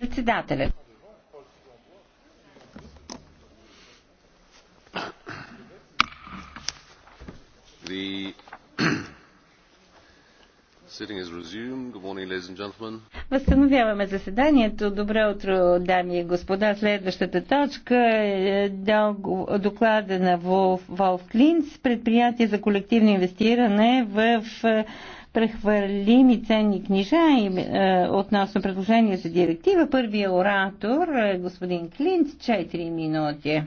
Председателят. Възстановяваме заседанието. Добро утро, дами и господа. Следващата точка е, е доклада на Волф Клинц, предприятие за колективно инвестиране в е, прехвърлими ценни книжа и, е, относно предложение за директива. Първият оратор е господин Клинт, 4 минути.